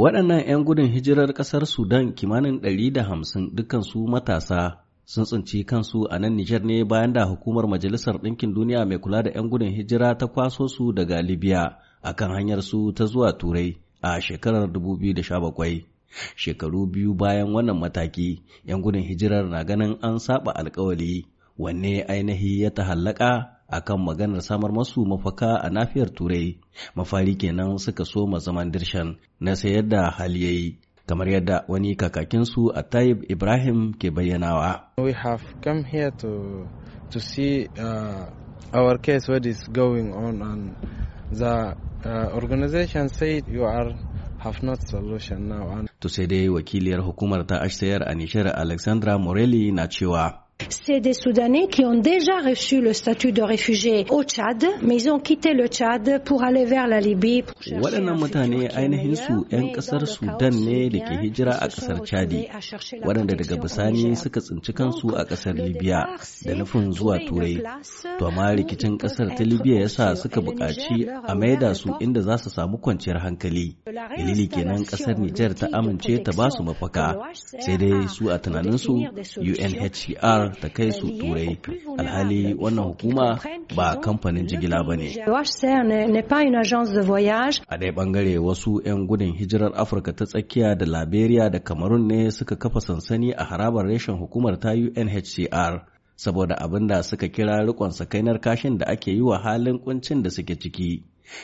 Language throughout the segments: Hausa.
waɗannan 'yan gudun hijirar ƙasar sudan kimanin ɗari da 150 dukansu matasa sun tsinci kansu a nan nijar ne bayan da hukumar majalisar ɗinkin duniya mai kula da 'yan gudun hijira ta kwaso su daga libya a kan hanyar su ta zuwa turai a shekarar 2017 shekaru biyu bayan wannan mataki 'yan gudun hijirar na ganin an saba alkawali wanne ainihi ya tahallaka a akan maganar samar masu mafaka a nafiyar turai mafari kenan suka soma zaman dirshan na sayar da haliyayi kamar yadda wani kakakinsu a taib ibrahim ke bayyanawa we have come here to to see uh, our case what is going on and the uh, organization said you are have not solution now. To sai dai wakiliyar hukumar ta ashtayar a Nishar Alexandra Morelli na cewa C'est des Soudanais qui ont déjà reçu le statut de réfugié au Tchad, mais ils ont quitté le Tchad pour aller vers la Libye. Waɗannan mutane ainihin su 'yan ƙasar Sudan ne da ke hijira a ƙasar Chadi, waɗanda daga bisani suka tsinci kansu a ƙasar Libya da nufin zuwa Turai. To amma rikicin ƙasar ta Libya ya sa suka buƙaci a maida su inda za su samu kwanciyar hankali. Dalili kenan ƙasar Nijar ta amince ta ba su mafaka, sai dai su a tunaninsu UNHCR ta kai su turai alhali wannan hukuma ba kamfanin jigila ba ne a dai ɓangare wasu 'yan gudun hijirar afirka ta tsakiya da liberia da cameroon ne suka kafa sansani a harabar reshen hukumar ta unhcr saboda abin da suka kira rikon sakainar kashin da ake yi wa halin kuncin da suke ciki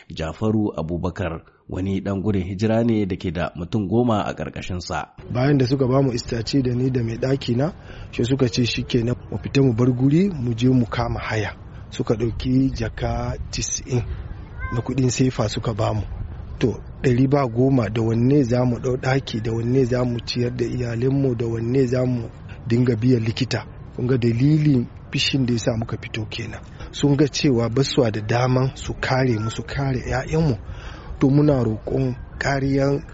Jafaru Abubakar wani ɗan gudun hijira ne da ke da mutum goma a ƙarƙashinsa. Bayan da suka ba mu istaci da ni da mai ɗaki na, shi suka ce shi ke mu fita mu bar guri mu je mu kama haya. Suka ɗauki jaka 90 na kuɗin sefa suka ba mu. To, ɗari ba goma da wanne za mu ɗau ɗaki da wanne za mu ciyar da iyalinmu da wanne za mu dinga biyan likita. Kun ga dalilin fishin da ya sa muka fito kenan. sun ga cewa basuwa da dama su kare musu su kare 'ya'yanmu to muna roƙon kariyar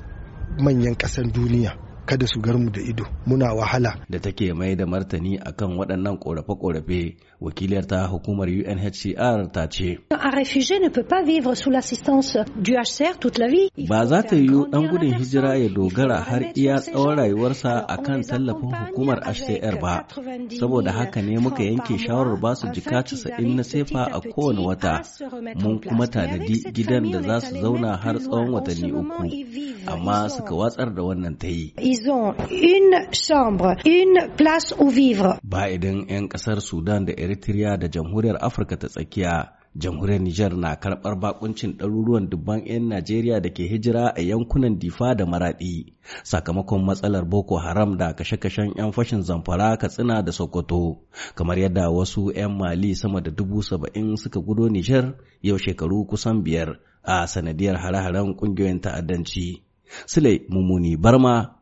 manyan ƙasan duniya kada su garmu da ido muna wahala da take mai da martani akan waɗannan korafe-korafe wakiliyar ta hukumar UNHCR ta ce vivre ba za ta yiwu ɗan gudun hijira ya dogara har iya tsawon rayuwarsa akan tallafin hukumar HCR ba saboda haka ne muka yanke shawarar ba su jika 90 na sefa a kowane wata mun kuma tanadi gidan da za su zauna har tsawon watanni uku amma suka watsar da wannan ta yi maison, une chambre, une place où vivre. Ba idan 'yan ƙasar Sudan da Eritrea da Jamhuriyar Afirka ta tsakiya jamhuriyar Nijar na karɓar bakuncin ɗaruruwan dubban 'yan Najeriya da ke hijira a yankunan Difa da Maraɗi sakamakon matsalar Boko Haram da kashe-kashen 'yan fashin zamfara Katsina da Sokoto kamar yadda wasu 'yan Mali sama da dubu saba'in suka gudo Nijar yau shekaru kusan biyar a sanadiyar hare-haren ƙungiyoyin ta'addanci. Sule Mumuni Barma